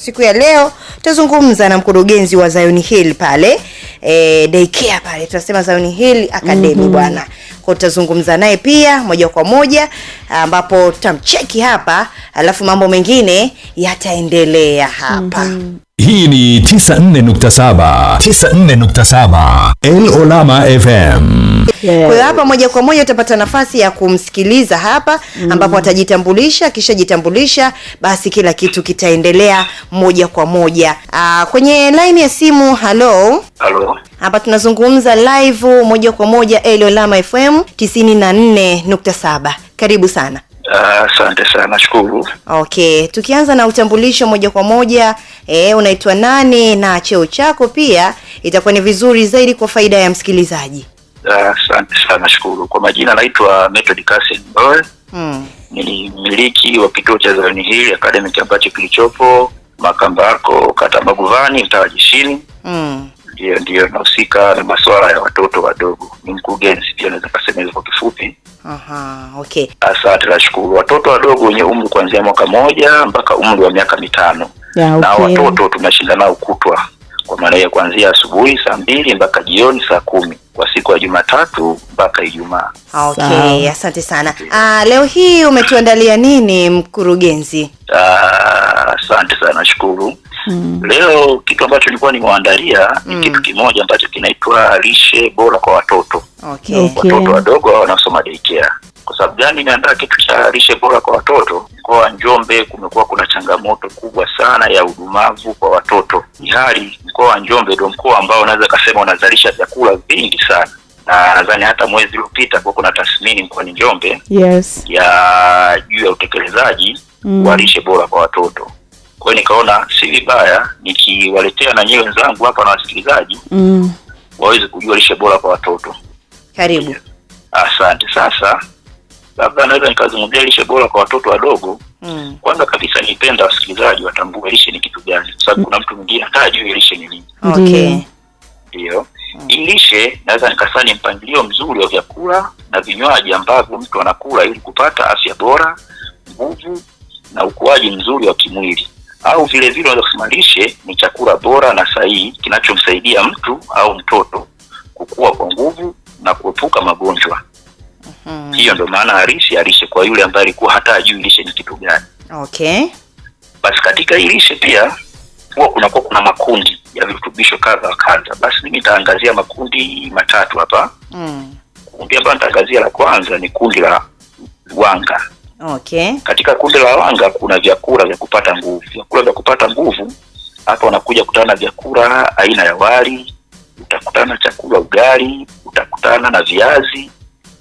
siku ya leo tutazungumza na mkurugenzi wa Zion Hill pale e, daycare pale tunasema Zion Hill Academy mm -hmm. bwana kwa tutazungumza naye pia moja kwa moja ambapo tutamcheki hapa, alafu mambo mengine yataendelea hapa mm -hmm. Hii ni 94.7 94.7 El Olama FM. Yes. Kwa hiyo hapa moja kwa moja utapata nafasi ya kumsikiliza hapa mm. ambapo atajitambulisha, kisha jitambulisha, basi kila kitu kitaendelea moja kwa moja. Aa, ah, kwenye line ya simu hello. Hello. Hapa tunazungumza live moja kwa moja Elio Lama FM 94.7. Karibu sana. Ah, asante uh, sana nashukuru. Okay, tukianza na utambulisho moja kwa moja e, unaitwa nani na cheo chako pia itakuwa ni vizuri zaidi kwa faida ya msikilizaji. Asante eh, uh, sana shukuru. Kwa majina naitwa Method Kasim Boy. Mm. Ni mmiliki wa kituo cha Zion Hill Academy ambacho kilichopo Makambako, kata Maguvani, mtaa wa Jeshini. Mm. Ndio ndio nahusika na masuala ya watoto wadogo. Ni mkurugenzi pia, naweza kusema hivyo kwa kifupi. Aha, okay. Asante nashukuru. Watoto wadogo wenye umri kuanzia mwaka moja mpaka umri wa miaka mitano. Yeah, okay. Na watoto tunashinda nao kutwa malaria kuanzia asubuhi saa mbili mpaka jioni saa kumi kwa siku ya Jumatatu mpaka Ijumaa. Okay, asante sana. Aa, ah, leo hii umetuandalia nini mkurugenzi? Ah, asante sana, nashukuru. Hmm. Leo kitu ambacho nilikuwa nimewaandalia hmm, ni kitu kimoja ambacho kinaitwa lishe bora kwa watoto. Okay. Okay. Watoto wadogo wanaosoma dekea Kwa sababu gani nimeandaa kitu cha lishe bora kwa watoto? Mkoa wa Njombe kumekuwa kuna changamoto kubwa sana ya udumavu kwa watoto Hali mkoa wa Njombe ndio mkoa ambao unaweza kusema unazalisha vyakula vingi sana, na nadhani hata mwezi uliopita kwa kuna tathmini mkoani Njombe yes, ya juu ya utekelezaji mm, wa lishe bora kwa watoto. Kwa hiyo nikaona si vibaya nikiwaletea na nyewe wenzangu hapa na wasikilizaji mm, waweze kujua lishe bora kwa watoto. Karibu. Asante. Sasa labda naweza nikazungumzia lishe bora kwa watoto wadogo. Mm. Kwanza kabisa nipenda wasikilizaji watambue lishe ni kitu gani, kwa sababu kuna mtu mwingine hata ajui lishe ni nini. Okay. mm. Hii lishe naweza nikasaa ni mpangilio mzuri wa vyakula na vinywaji ambavyo mtu anakula ili kupata afya bora, nguvu na ukuaji mzuri wa kimwili. Au vile vile unaweza kusema lishe ni chakula bora na sahihi kinachomsaidia mtu au mtoto kukua kwa nguvu na kuepuka magonjwa mm. Hiyo ndio maana harishe harishe kwa yule ambaye alikuwa hata ajui lishe ni kitu gani. Okay, basi katika hii lishe pia huwa kunakuwa kuna makundi ya virutubisho kadha wa kadha. Basi mimi nitaangazia makundi matatu hapa mm. Kundi ambalo nitaangazia la kwanza ni kundi la wanga. Okay, katika kundi la wanga kuna vyakula vya kupata nguvu. Vyakula vya kupata nguvu hapa unakuja kutana vyakula aina ya wali, utakutana chakula ugali, utakutana na viazi,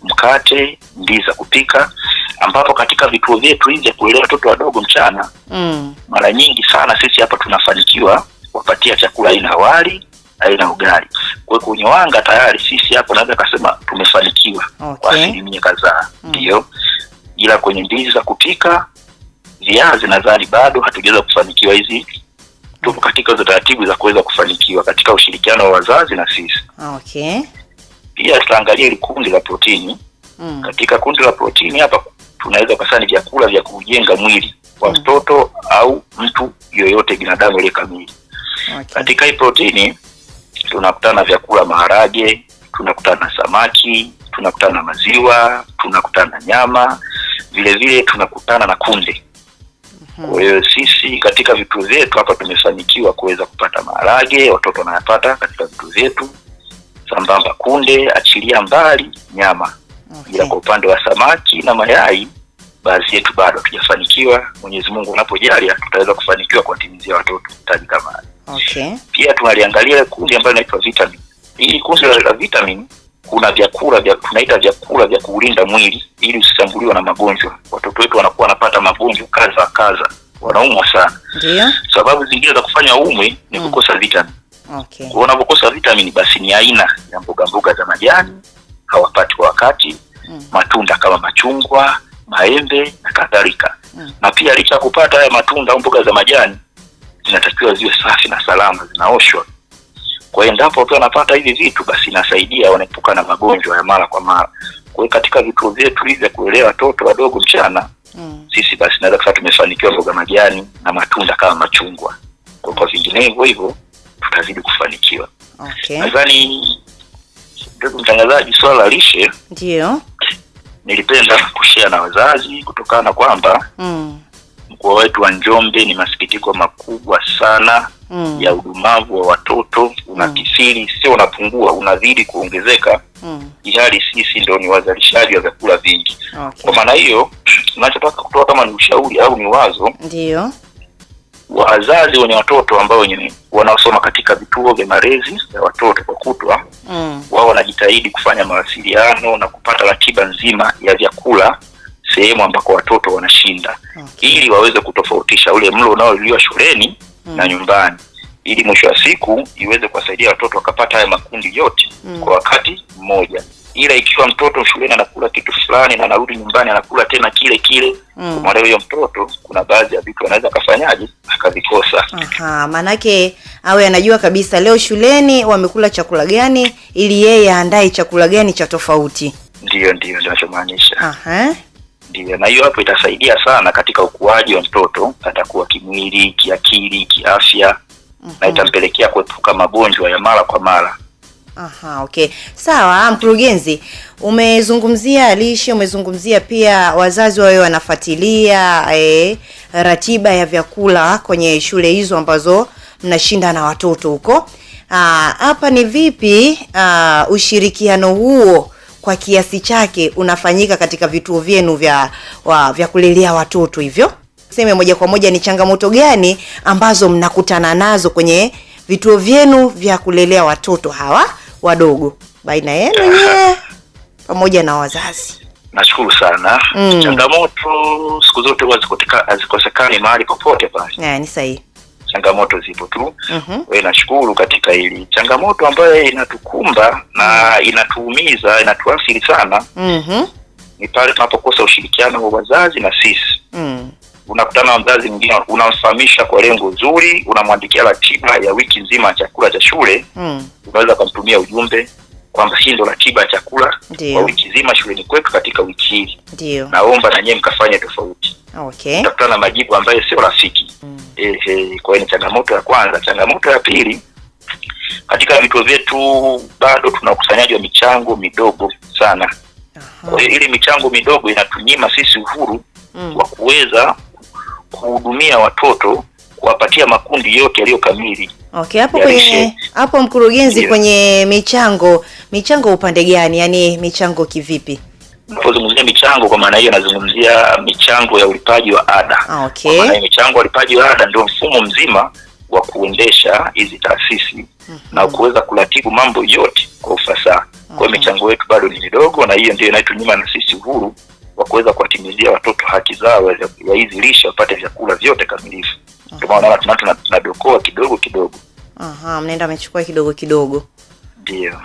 mkate, ndizi za kupika, ambapo katika vituo vyetu hivi vya kulelea watoto wadogo mchana mm. mara nyingi sana sisi hapa tunafanikiwa kuwapatia chakula aina wali aina ugali. Kwa hiyo kwenye wanga tayari sisi hapo naweza kasema tumefanikiwa okay. kwa asilimia kadhaa mm. ndiyo mm. ila kwenye ndizi za kupika, viazi nadhani bado hatujaweza kufanikiwa hizi tupo katika hizo taratibu za kuweza kufanikiwa katika ushirikiano wa wazazi na sisi. Okay. Pia tutaangalia ili kundi la protini mm. Katika kundi la protini hapa tunaweza ukasema ni vyakula vya kujenga mwili kwa mm. mtoto mm. au mtu yoyote binadamu aliye kamili. Okay. Katika hii protini tunakutana na vyakula maharage, tunakutana na samaki, tunakutana na maziwa, tunakutana na nyama, vile vile tunakutana na kunde. Mm-hmm. Kwa hiyo sisi katika vitu vyetu hapa tumefanikiwa kuweza kupata maharage, watoto wanayapata katika vitu vyetu Sambamba kunde, achilia mbali nyama, ila okay. Kwa upande wa samaki na mayai baadhi yetu bado hatujafanikiwa. Mwenyezi Mungu unapojali tutaweza kufanikiwa kuwatimizia watoto mtaji kama Okay. Pia tunaliangalia kundi ambayo inaitwa vitamin. ili kundi la vitamin kuna vyakula vya tunaita vyakula vya kuulinda mwili ili usishambuliwe na magonjwa. Watoto wetu wanakuwa wanapata magonjwa kaza kaza wanaumwa sana. Sababu zingine za kufanya umwe ni mm. kukosa vitamin okay. Kwa vitamini basi ni aina ya mboga mboga za majani mm. hawapati kwa wakati mm. matunda kama machungwa, maembe na kadhalika mm. na pia licha ya kupata haya matunda au mboga za majani zinatakiwa ziwe safi na salama, zinaoshwa. Kwa hiyo endapo wakiwa wanapata hivi vitu, basi inasaidia wanaepuka na magonjwa ya mara kwa mara. Kwa hiyo katika vituo vyetu hivi vya kulelea watoto wadogo mchana mm. sisi basi naweza kusema tumefanikiwa mboga majani na matunda kama machungwa. Kwa kwa vinginevyo hivyo tukazidi kufanikiwa. Okay. Nadhani ndugu mtangazaji, swala la lishe ndio nilipenda kushia na wazazi kutokana na kwamba mm. mkoa wetu wa Njombe ni masikitiko makubwa sana mm. ya udumavu wa watoto una mm. sio unapungua, unazidi kuongezeka mm. ihali sisi ndio ni wazalishaji wa vyakula vingi okay. Kwa maana hiyo, tunachotaka kutoa kama ni ushauri au ni wazo ndio wazazi wenye watoto ambao wenye wanaosoma katika vituo vya malezi ya watoto kwa kutwa mm. wao wanajitahidi kufanya mawasiliano na kupata ratiba nzima ya vyakula sehemu ambako watoto wanashinda okay. ili waweze kutofautisha ule mlo unaoliwa shuleni mm. na nyumbani ili mwisho wa siku iweze kuwasaidia watoto wakapata haya makundi yote mm. kwa wakati mmoja ila ikiwa mtoto shuleni anakula kitu fulani na anarudi nyumbani anakula tena kile kile mm. Kwa hiyo mtoto kuna baadhi ya vitu anaweza akafanyaje akavikosa. Aha, maanake awe anajua kabisa leo shuleni wamekula chakula gani, ili yeye aandae chakula gani cha tofauti. Ndiyo, ndiyo nachomaanisha. ndio na hiyo hapo itasaidia sana katika ukuaji wa mtoto, atakuwa kimwili, kiakili, kiafya mm -hmm. na mhm. itampelekea kuepuka magonjwa ya mara kwa mara Aha, okay. Sawa, mkurugenzi, umezungumzia lishe, umezungumzia pia wazazi wawe wanafuatilia e, ratiba ya vyakula kwenye shule hizo ambazo mnashinda na watoto huko. Ah, hapa ni vipi ah, ushirikiano huo kwa kiasi chake unafanyika katika vituo vyenu vya wa, vya kulelea watoto hivyo? Seme moja kwa moja ni changamoto gani ambazo mnakutana nazo kwenye vituo vyenu vya kulelea watoto hawa? wadogo baina yenu nyewe pamoja na wazazi. Nashukuru sana mm. Changamoto siku zote huwa hazikosekani mahali popote pale. Yeah, ni sahihi, changamoto zipo tu mm -hmm. Wewe nashukuru katika hili changamoto ambayo inatukumba na inatuumiza inatuathiri sana mm -hmm. Ni pale tunapokosa ushirikiano wa wazazi na sisi mm unakutana na mzazi mwingine unamfahamisha kwa lengo zuri, unamwandikia ratiba ya wiki nzima ya chakula cha shule mm. Unaweza ukamtumia ujumbe kwamba hii ndo ratiba ya chakula kwa wiki nzima shuleni kwetu katika wiki hii, naomba na nyie mkafanya tofauti. Okay. Utakutana na majibu ambayo sio rafiki mm. Eh, eh, kwa hiyo ni changamoto ya kwanza. Changamoto ya pili, katika vituo vyetu bado tuna ukusanyaji wa michango midogo sana. Aha. Kwa hiyo ile michango midogo inatunyima sisi uhuru mm. wa kuweza kuhudumia watoto kuwapatia makundi yote yaliyo kamili. Okay, hapo kwenye hapo mkurugenzi, yeah. Kwenye michango michango upande gani? Yaani michango kivipi? Napozungumzia michango, kwa maana hiyo nazungumzia michango ya ulipaji wa ada. Ah, okay. Kwa maana michango ya ulipaji wa ada ndio mfumo mzima wa kuendesha hizi taasisi mm -hmm. na kuweza kuratibu mambo yote kwa ufasaha. Kwa hiyo mm -hmm. michango yetu bado ni midogo, na hiyo ndio inayotunyima na sisi uhuru wa kuweza kuwatimizia watoto haki zao ya hizi lishe, wapate vyakula vyote kamilifu. Ndio maana naona tunaona tunadokoa kidogo kidogo. Aha, mnaenda amechukua kidogo kidogo.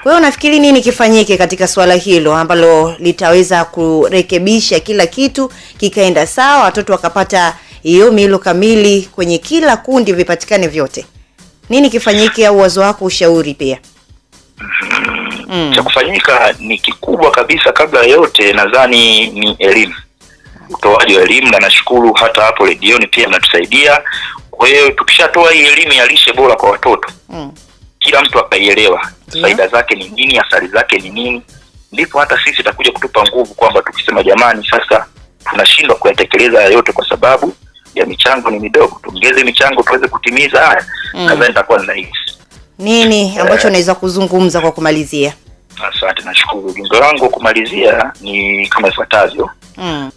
kwa hiyo unafikiri nini kifanyike katika suala hilo ambalo litaweza kurekebisha kila kitu kikaenda sawa, watoto wakapata hiyo milo kamili kwenye kila kundi, vipatikane vyote? Nini kifanyike, au wazo wako, ushauri pia? mm. cha kufanyika ni kikubwa kabisa, kabla ya yote nadhani ni elimu, utoaji wa elimu, na nashukuru hata hapo redioni pia mnatusaidia. Kwa hiyo tukishatoa hii elimu ya lishe bora kwa watoto mm. kila mtu akaielewa faida zake ni nini, athari zake ni nini, ndipo hata sisi takuja kutupa nguvu kwamba tukisema jamani, sasa tunashindwa kuyatekeleza haya yote kwa sababu ya michango ni midogo, tuongeze michango tuweze kutimiza haya mm. nadhani itakuwa ni rahisi nini eh. ambacho unaweza kuzungumza kwa kumalizia? Asante, nashukuru. Ujumbe wangu wa kumalizia ni kama ifuatavyo. mm.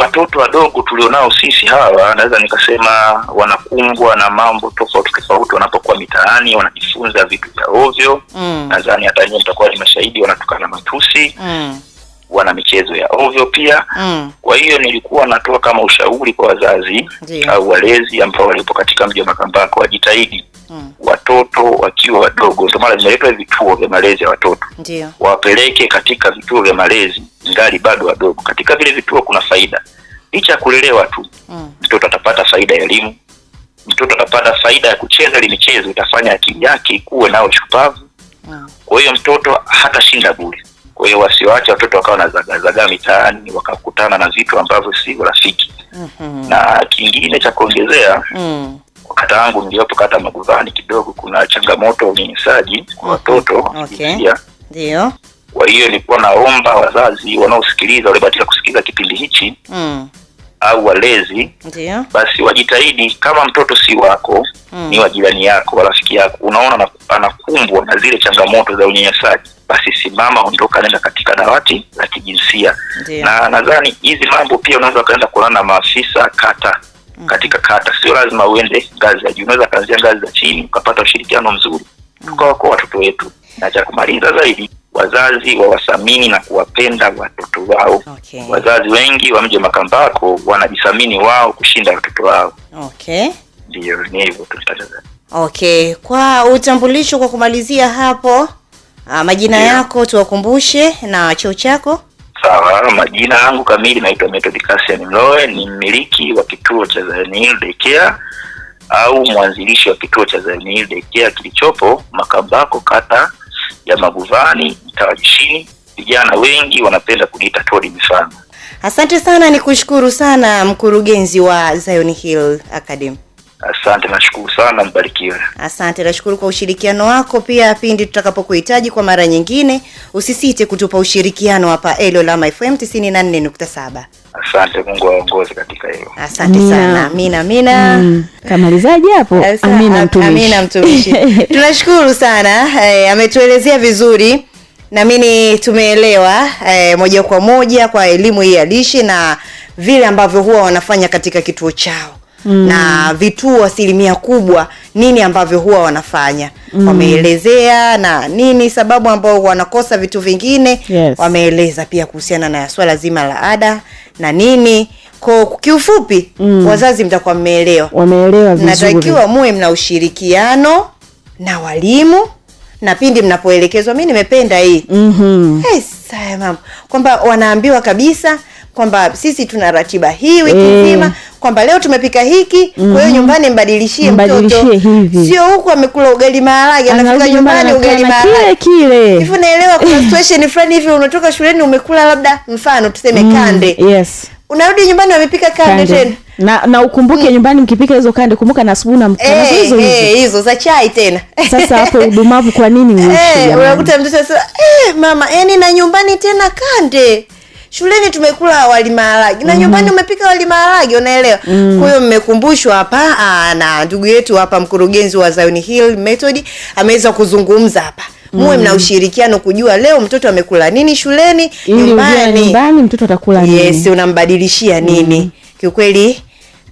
Watoto wadogo tulionao sisi hawa, naweza nikasema wanakumbwa na mambo tofauti tofauti wanapokuwa mitaani, wanajifunza vitu vya ovyo. mm. Nadhani hata nyinyi mtakuwa ni mashahidi, wanatukana matusi. mm. Wana michezo ya ovyo pia. mm. Kwa hiyo nilikuwa natoa kama ushauri kwa wazazi au walezi ambao walipo katika mji wa Makambako wajitahidi mm. watoto wakiwa wadogo, ndio maana vimeletwa vituo vya malezi ya watoto, ndio wapeleke katika vituo vya malezi ngali bado wadogo. Katika vile vituo kuna faida, licha ya kulelewa tu mm. mtoto atapata faida ya elimu, mtoto atapata faida ya kucheza ile michezo, itafanya akili yake ikuwe nao shupavu mm. kwa hiyo mtoto hata shinda bure. Kwa hiyo wasiwaache watoto wakawa na zagazaga mitaani wakakutana na vitu ambavyo si rafiki. mm -hmm. na kingine cha kuongezea mm tangu kata maguvani kidogo, kuna changamoto ya unyanyasaji kwa mm-hmm. watoto okay. Ndio, kwa hiyo nilikuwa naomba wazazi wanaosikiliza waliobahatika kusikiliza kipindi hichi mm. au walezi ndio, basi wajitahidi, kama mtoto si wako mm. ni wa jirani yako wa rafiki yako, unaona anakumbwa na zile changamoto za unyanyasaji basi simama, ondoka, nenda katika dawati la kijinsia. Na nadhani hizi mambo pia unaweza ukaenda kuonana na maafisa kata Mm. katika kata. Sio lazima uende ngazi ya juu, unaweza kuanzia ngazi za chini ukapata ushirikiano mzuri mm kwa tukawakoa watoto wetu, na cha kumaliza zaidi wazazi wawathamini na kuwapenda watoto wao. Okay. Wazazi wengi wa mji Makambako wanajisamini wao kushinda watoto wao. Okay, ndio ni hivyo Okay, kwa utambulisho, kwa kumalizia hapo, ah, majina yako tuwakumbushe na cheo chako. Sawa, majina yangu kamili naitwa Method Cassian Mloe, ni mmiliki wa kituo cha Zion dekea Daycare au mwanzilishi wa kituo cha Zion dekea Daycare kilichopo Makambako, kata ya Maguvani, mtaa wa Jeshini. Vijana wengi wanapenda kuniita Todi Mifano. Asante sana, ni kushukuru sana mkurugenzi wa Zion Hill Academy. Asante, nashukuru sana, mbarikiwe. Asante, nashukuru kwa ushirikiano wako. Pia pindi tutakapokuhitaji kwa mara nyingine, usisite kutupa ushirikiano hapa Elo Elolama FM 94.7. Asante, Mungu aongoze katika hilo. Asante sana, amina amina. Mm, kamalizaji hapo, amina mtumishi, amina mtumishi. tunashukuru sana eh, ametuelezea vizuri Naamini tumeelewa eh, moja kwa moja kwa elimu hii ya lishe na vile ambavyo huwa wanafanya katika kituo chao. Mm. na vituo asilimia kubwa nini ambavyo huwa wanafanya mm. wameelezea na nini sababu ambao wanakosa vitu vingine yes. Wameeleza pia kuhusiana na swala zima la ada na nini ko kiufupi mm. Wazazi mtakuwa mmeelewa, wameelewa vizuri. Natakiwa muwe mna ushirikiano na walimu na pindi mnapoelekezwa. Mi nimependa hii mm -hmm. Yes, eh, mama kwamba wanaambiwa kabisa kwamba sisi tuna ratiba hii wiki eh. nzima hey kwamba leo tumepika hiki mm -hmm. Kwa hiyo mhm. nyumbani mbadilishie mtoto, hivi. sio huku amekula ugali maharage, anafika nyumbani ugali maharage kile kile. Hivi naelewa kuna situation fulani hivi, unatoka shuleni umekula labda mfano tuseme mm, kande yes unarudi nyumbani wamepika kande kande. tena na, na ukumbuke mm. Nyumbani mkipika hizo kande, kumbuka na asubuhi na mchana hey, eh, hizo hey, eh, hizo za chai tena. Sasa hapo udumavu kwa nini eh, uishi? Hey, unakuta mtoto sasa eh, hey, mama yani na nyumbani tena kande shuleni tumekula wali maharage na nyumbani mhm. umepika wali maharage, unaelewa? Mm. Kwa hiyo mmekumbushwa hapa ah, na ndugu yetu hapa mkurugenzi wa Zion Hill Method ameweza kuzungumza hapa muwe mm. mna ushirikiano kujua leo mtoto amekula nini shuleni, nyumbani, nyumbani mtoto atakula nini? Yes, unambadilishia nini? Mm. Kiukweli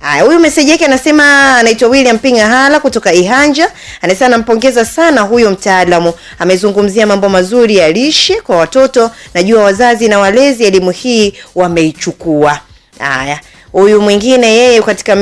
Haya, huyu meseji yake anasema anaitwa William hala kutoka Ihanja, anasema nampongeza sana huyo mtaalamu, amezungumzia mambo mazuri ya lishe kwa watoto. Najua wazazi na walezi elimu hii wameichukua. Haya, huyu mwingine yeye katika